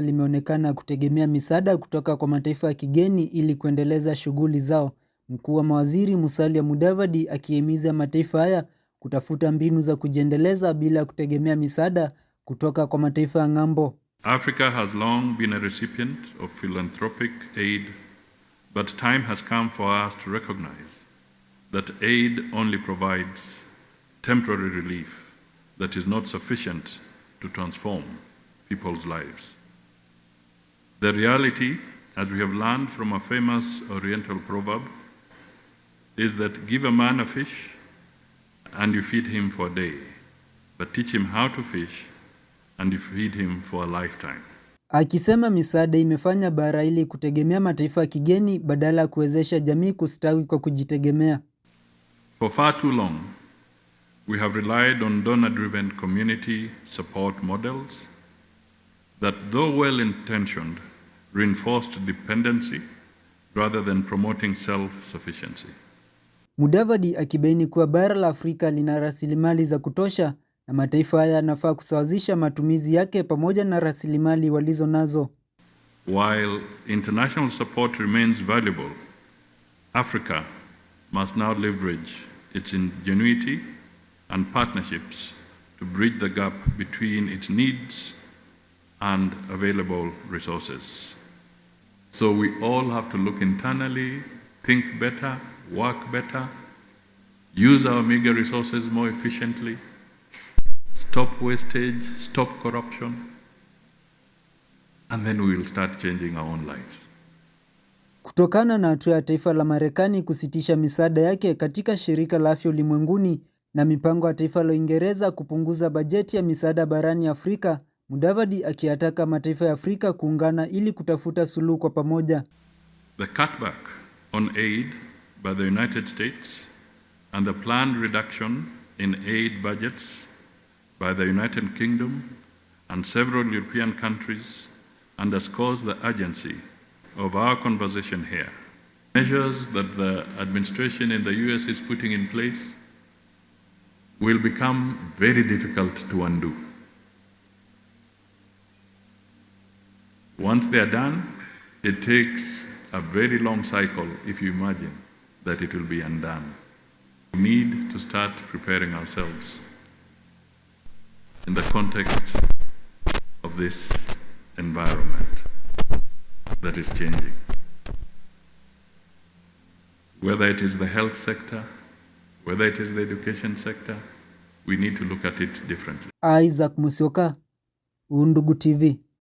Limeonekana kutegemea misaada kutoka kwa mataifa ya kigeni ili kuendeleza shughuli zao. Mkuu wa mawaziri Musalia Mudavadi akihimiza mataifa haya kutafuta mbinu za kujiendeleza bila kutegemea misaada kutoka kwa mataifa ya ng'ambo. Africa has long been a recipient of philanthropic aid, but time has come for us to recognize that aid only provides temporary relief that is not sufficient to transform people's lives. The reality, as we have learned from a famous Oriental proverb, is that give a man a fish and you feed him for a day, but teach him how to fish and you feed him for a lifetime. Akisema misaada imefanya bara hili kutegemea mataifa ya kigeni badala ya kuwezesha jamii kustawi kwa kujitegemea. For far too long, we have relied on donor-driven community support models that though well-intentioned reinforced dependency rather than promoting self-sufficiency. Mudavadi akibaini kuwa bara la Afrika lina rasilimali za kutosha na mataifa haya yanafaa kusawazisha matumizi yake pamoja na rasilimali walizo nazo. While international support remains valuable, Africa must now leverage its ingenuity and partnerships to bridge the gap between its needs and available resources. So we all have to look internally, think better, work better, use our meager resources more efficiently, stop wastage, stop corruption, and then we will start changing our own lives. Kutokana na hatua ya taifa la Marekani kusitisha misaada yake katika shirika la afya ulimwenguni na mipango ya taifa la Uingereza kupunguza bajeti ya misaada barani Afrika Mudavadi akiyataka mataifa ya Afrika kuungana ili kutafuta suluhu kwa pamoja. The cutback on aid by the United States and the planned reduction in aid budgets by the United Kingdom and several European countries underscores the urgency of our conversation here. Measures that the administration in the US is putting in place will become very difficult to undo. Once they are done, it takes a very long cycle, if you imagine, that it will be undone. We need to start preparing ourselves in the context of this environment that is changing. Whether it is the health sector, whether it is the education sector, we need to look at it differently. Isaac Musioka, Undugu TV.